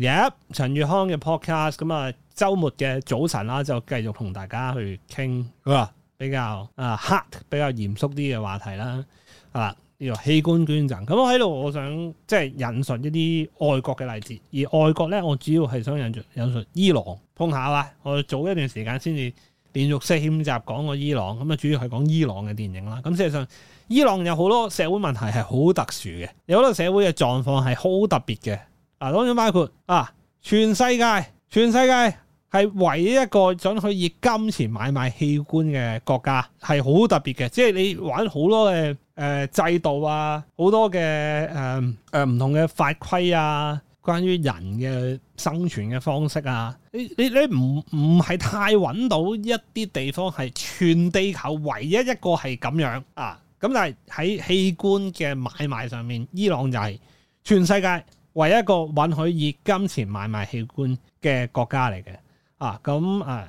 入、yep, 陳宇康嘅 podcast 咁啊，週末嘅早晨啦，就繼續同大家去傾比較啊 hot、呃、比較嚴肅啲嘅話題啦，啊，叫做器官捐贈。咁我喺度，我，我想即係引述一啲外國嘅例子。而外國咧，我主要係想引述引述伊朗，碰巧啦。我早一段時間先至連續四五集講過伊朗，咁、嗯、啊，主要係講伊朗嘅電影啦。咁、嗯、事實上，伊朗有好多社會問題係好特殊嘅，有好多社會嘅狀況係好特別嘅。嗱，當然包括啊，全世界，全世界係唯一一個准許以金錢買賣器官嘅國家，係好特別嘅。即係你玩好多嘅誒、呃、制度啊，好多嘅誒誒唔同嘅法規啊，關於人嘅生存嘅方式啊，你你你唔唔係太揾到一啲地方係全地球唯一一個係咁樣啊。咁但係喺器官嘅買賣上面，伊朗就係全世界，唯一個允許以金錢買賣器官嘅國家嚟嘅啊，咁啊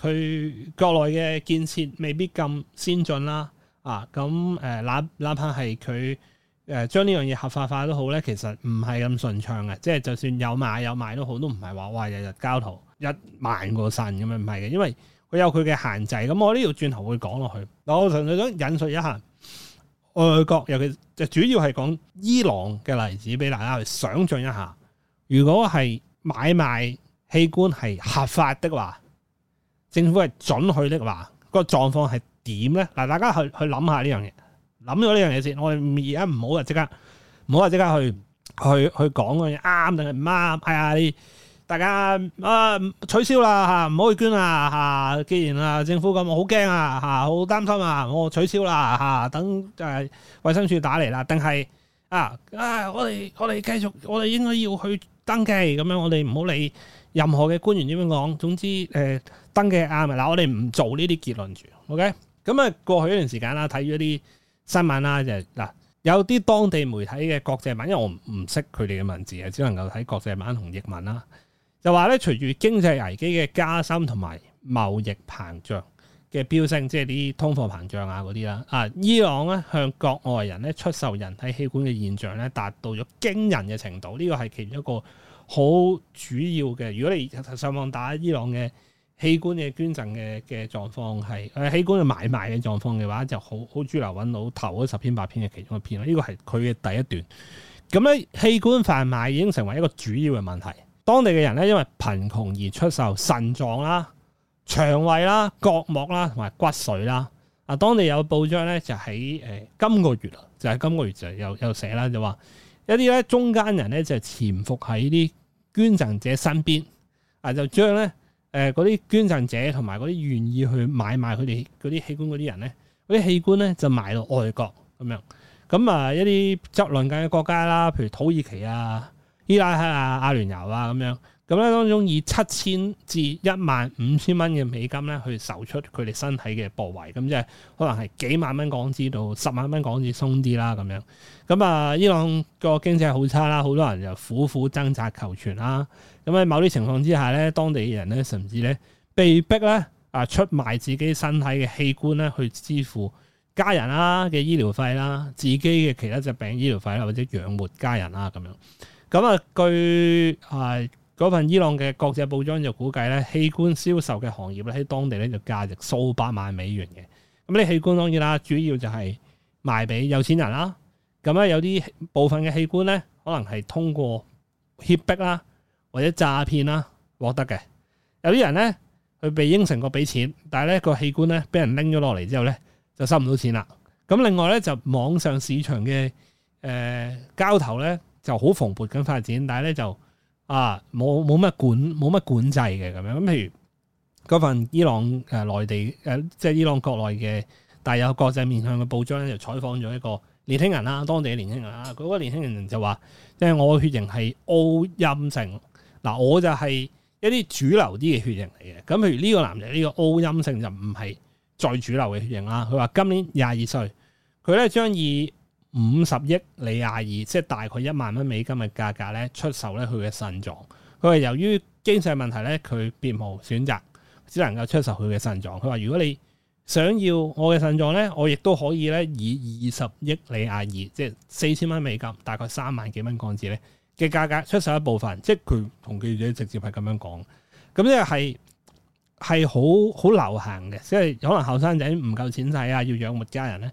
佢國內嘅建設未必咁先進啦啊，咁、嗯、誒、呃，哪怕係佢誒將呢樣嘢合法化都好咧，其實唔係咁順暢嘅，即係就算有買有賣都好，都唔係話哇日日交到一萬個腎咁樣，唔係嘅，因為佢有佢嘅限制。咁、嗯、我都要轉頭去講落去。嗱，我純粹想引述一下。外國尤其就主要係講伊朗嘅例子俾大家去想像一下，如果係買賣器官係合法的話，政府係准許的話，個狀況係點咧？嗱，大家去去諗下呢樣嘢，諗咗呢樣嘢先，我哋而家唔好話即刻，唔好話即刻去去去去講嗰樣嘢。啱定係唔啱，係啊。大家啊取消啦嚇，唔、啊、好去捐啊嚇！既然啊政府咁好驚啊嚇，好、啊、擔心啊，我取消啦嚇、啊。等誒、啊、衛生署打嚟啦，定係啊啊我哋我哋繼續，我哋應該要去登記咁樣，我哋唔好理任何嘅官員點樣講。總之誒、呃、登記啱咪嗱，我哋唔做呢啲結論住，OK？咁啊、嗯、過去一段時間啦，睇咗啲新聞啦，就嗱、是啊、有啲當地媒體嘅國際版，因為我唔識佢哋嘅文字啊，只能夠睇國際版同譯文啦。就話咧，隨住經濟危機嘅加深同埋貿易膨脹嘅飆升，即係啲通貨膨脹啊嗰啲啦，啊伊朗咧向國外人咧出售人體器官嘅現象咧，達到咗驚人嘅程度。呢個係其中一個好主要嘅。如果你上網打伊朗嘅器官嘅捐贈嘅嘅狀況係呃，器官嘅買賣嘅狀況嘅話，就好好主流揾到頭十篇八篇嘅其中一篇啦。呢個係佢嘅第一段。咁咧，器官販賣已經成為一個主要嘅問題。當地嘅人咧，因為貧窮而出售腎臟啦、腸胃啦、角膜啦同埋骨髓啦。啊，當地有報章咧，就喺誒今個月就係今個月就又又寫啦，就話一啲咧中間人咧就潛伏喺啲捐贈者身邊啊，就將咧誒嗰啲捐贈者同埋嗰啲願意去買賣佢哋嗰啲器官嗰啲人咧，嗰啲器官咧就賣到外國咁樣。咁啊，一啲爭論緊嘅國家啦，譬如土耳其啊。伊拉克啊、阿聯酋啊，咁樣，咁咧當中以七千至一萬五千蚊嘅美金咧去售出佢哋身體嘅部位，咁即係可能係幾萬蚊港紙到十萬蚊港紙鬆啲啦咁樣。咁啊，伊朗個經濟好差啦，好多人又苦苦掙扎求存啦。咁喺某啲情況之下咧，當地嘅人咧甚至咧被逼咧啊出賣自己身體嘅器官咧去支付家人啦嘅醫療費啦，自己嘅其他隻病醫療費啦，或者養活家人啦咁樣。咁啊，據係嗰份伊朗嘅國際報章就估計咧，器官銷售嘅行業咧喺當地咧就價值數百萬美元嘅。咁、嗯、呢器官當然啦，主要就係賣俾有錢人啦。咁、嗯、咧有啲部分嘅器官咧，可能係通過脅迫啦或者詐騙啦獲得嘅。有啲人咧，佢被應承過俾錢，但係咧、個器官咧俾人拎咗落嚟之後咧，就收唔到錢啦。咁、嗯、另外咧就網上市場嘅誒、呃、交投咧。就好蓬勃咁發展，但係咧就啊冇冇乜管冇乜管制嘅咁樣。咁譬如嗰份伊朗誒、呃、內地誒、呃、即係伊朗國內嘅帶有國際面向嘅報章咧，就採訪咗一個年輕人啦，當地嘅年輕人啦。嗰、那個年輕人就話，即、就、係、是、我嘅血型係 O 陰性，嗱我就係一啲主流啲嘅血型嚟嘅。咁譬如呢個男人呢個 O 陰性就唔係最主流嘅血型啦。佢話今年廿二歲，佢咧將以五十億里亞爾，即係大概一萬蚊美金嘅價格咧，出售咧佢嘅腎臟。佢話由於經濟問題咧，佢別無選擇，只能夠出售佢嘅腎臟。佢話如果你想要我嘅腎臟咧，我亦都可以咧以二十億里亞爾，即係四千蚊美金，大概三萬幾蚊港紙咧嘅價格出售一部分。即係佢同記者直接係咁樣講。咁呢個係係好好流行嘅，即係可能後生仔唔夠錢使啊，要養活家人咧。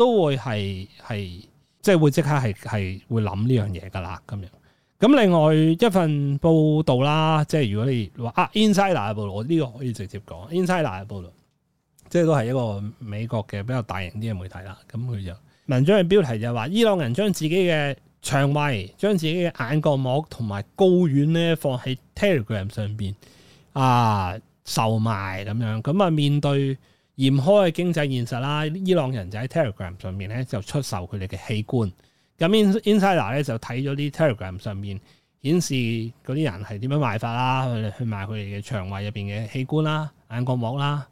都會係係即係會即刻係係會諗呢樣嘢噶啦，咁樣。咁另外一份報道啦，即係如果你話啊，Insider 嘅報道，我呢個可以直接講 Insider 嘅報道，即係都係一個美國嘅比較大型啲嘅媒體啦。咁佢就文章嘅標題就係話，伊朗人將自己嘅腸胃、將自己嘅眼角膜同埋睾丸咧放喺 Telegram 上邊啊售賣咁樣。咁啊面對。嚴苛嘅經濟現實啦，伊朗人就喺 Telegram 上面咧就出售佢哋嘅器官，咁 In, Insider 咧就睇咗啲 Telegram 上面顯示嗰啲人係點樣賣法啦，佢哋去賣佢哋嘅腸胃入邊嘅器官啦、眼角膜啦、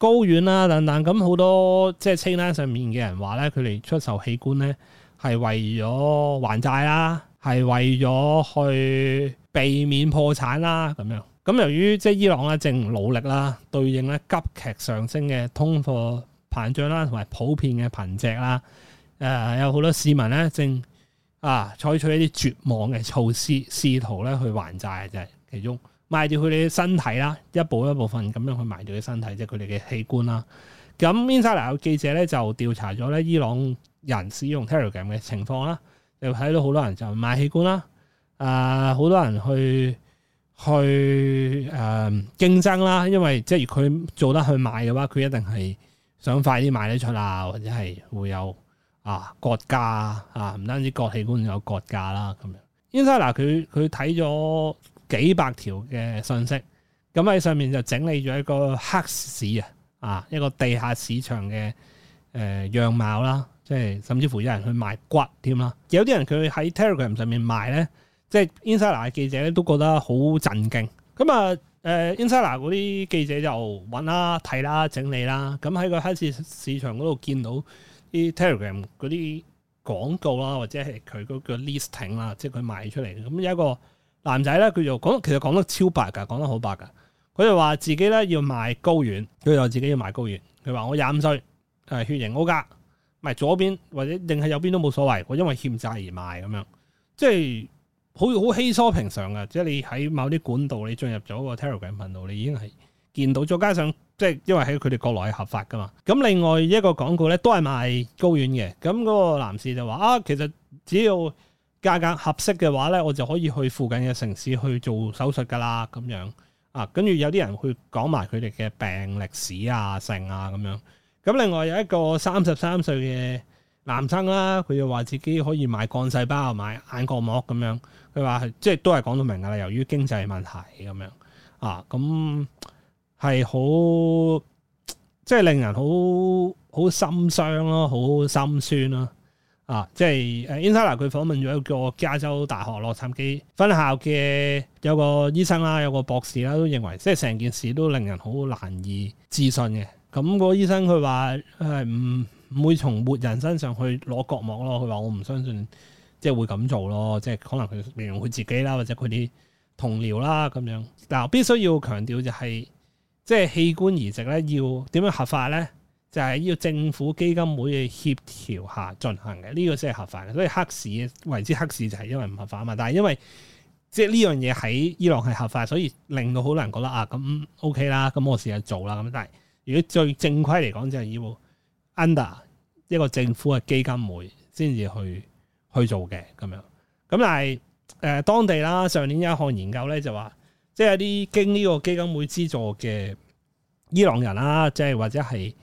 睾丸啦等等，咁好多即係 Telegram 上面嘅人話咧，佢哋出售器官咧係為咗還債啦，係為咗去避免破產啦咁樣。咁由於即係伊朗咧，正努力啦，對應咧急劇上升嘅通貨膨脹啦，同埋普遍嘅貧瘠啦、呃，誒有好多市民咧正啊採取一啲絕望嘅措施，試圖咧去還債嘅，就係、是、其中賣掉佢哋嘅身體啦，一步一部分咁樣去賣掉啲身體，即係佢哋嘅器官啦。咁以色列有記者咧就調查咗咧伊朗人使用 Telegram 嘅情況啦，就睇到好多人就賣器官啦，啊好多人去。去誒、呃、競爭啦，因為即係佢做得去賣嘅話，佢一定係想快啲賣得出啦，或者係會有啊官價啊，唔、啊、單止器官有官價啦咁樣。Insider 佢佢睇咗幾百條嘅信息，咁喺上面就整理咗一個黑市啊，啊一個地下市場嘅誒、呃、樣貌啦，即、啊、係甚至乎有人去賣骨添啦，有啲人佢喺 Telegram 上面賣咧。即係 Insider 記者呢都覺得好震驚，咁啊誒、呃、Insider 嗰啲記者就揾啦睇啦整理啦，咁喺個黑色市場嗰度見到啲 Telegram 嗰啲廣告啦，或者係佢嗰個 listing 啦，即係佢賣出嚟咁，有一個男仔咧，佢就講，其實講得超白㗎，講得好白㗎。佢就話自己咧要賣睾丸，佢就自己要賣睾丸。佢話我廿五歲，係血型 O 架，唔係左邊或者定係右邊都冇所謂。我因為欠債而賣咁樣，即係。好好稀疏平常啊！即係你喺某啲管道，你進入咗個 Telegram 頻道，你已經係見到。再加上即係，因為喺佢哋國內係合法噶嘛。咁另外一個廣告咧，都係賣睾丸嘅。咁嗰個男士就話啊，其實只要價格合適嘅話咧，我就可以去附近嘅城市去做手術噶啦。咁樣啊，跟住有啲人會講埋佢哋嘅病歷史啊、性啊咁樣。咁另外有一個三十三歲嘅，男生啦，佢又話自己可以買幹細胞、買眼角膜咁樣，佢話即係都係講到明㗎喇。由於經濟問題咁樣啊，咁係好即係令人好好心傷咯，好心酸咯啊！即係誒，Insala 佢訪問咗一個加州大學洛杉磯分校嘅有個醫生啦，有個博士啦，都認為即係成件事都令人好難以置信嘅。咁、嗯，那個醫生佢話係唔唔會從活人身上去攞角膜咯，佢話我唔相信，即係會咁做咯，即係可能佢形容佢自己啦，或者佢啲同僚啦咁樣。但我，必須要強調就係，即係器官移植咧，要點樣合法咧？就係要政府基金會嘅協調下進行嘅，呢個先係合法嘅。所以黑市為之黑市就係因為唔合法嘛。但係因為即係呢樣嘢喺伊朗係合法，所以令到好多人覺得啊，咁 OK 啦，咁我試下做啦。咁但係如果最正規嚟講就係要。一個政府嘅基金會先至去去做嘅，咁樣，咁但係誒、呃、當地啦，上年有一項研究咧就話，即係啲經呢個基金會資助嘅伊朗人啦、啊，即係或者係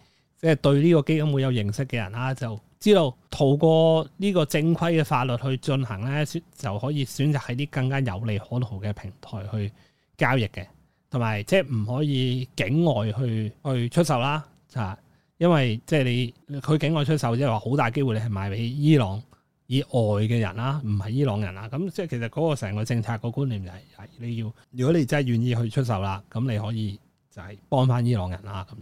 即係對呢個基金會有認識嘅人啦、啊，就知道透過呢個正規嘅法律去進行咧，就就可以選擇喺啲更加有利可圖嘅平台去交易嘅，同埋即係唔可以境外去去出售啦，就、啊。因為即係你佢境外出售即係話好大機會你係賣俾伊朗以外嘅人啦，唔係伊朗人啦。咁即係其實嗰個成個政策個觀念就係、係、你要如果你真係願意去出售啦，咁你可以就係幫翻伊朗人啦咁樣。誒、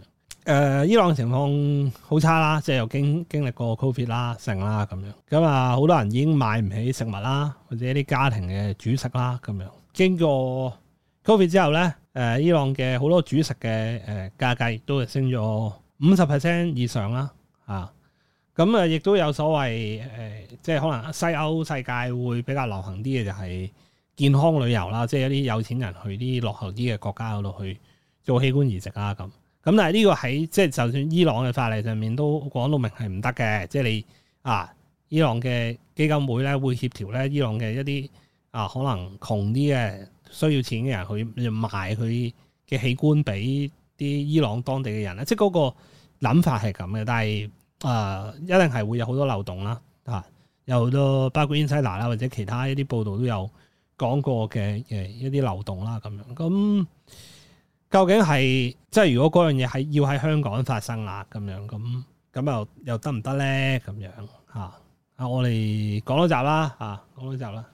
呃，伊朗情況好差啦，即係又經經歷過 Covid 啦、剩啦咁樣。咁、嗯、啊，好多人已經買唔起食物啦，或者一啲家庭嘅主食啦咁樣。經過 Covid 之後咧，誒、呃、伊朗嘅好多主食嘅誒價格亦都係升咗。五十 percent 以上啦，啊，咁、嗯、啊，亦都有所謂誒、呃，即係可能西歐世界會比較流行啲嘅，就係健康旅遊啦，即係一啲有錢人去啲落後啲嘅國家嗰度去做器官移植啦，咁、啊，咁但係呢個喺即係就算伊朗嘅法例上面都講到明係唔得嘅，即係你啊，伊朗嘅基金會咧會協調咧，伊朗嘅一啲啊可能窮啲嘅需要錢嘅人去賣佢嘅器官俾啲伊朗當地嘅人咧，即係嗰個諗法係咁嘅，但係誒、呃、一定係會有好多漏洞啦，啊，有好多包括 Insider 啦，或者其他一啲報道都有講過嘅誒一啲漏洞啦咁樣，咁、嗯、究竟係即係如果嗰樣嘢係要喺香港發生啦咁樣，咁咁又又得唔得咧咁樣嚇？啊我哋講多集啦，啊講多集啦。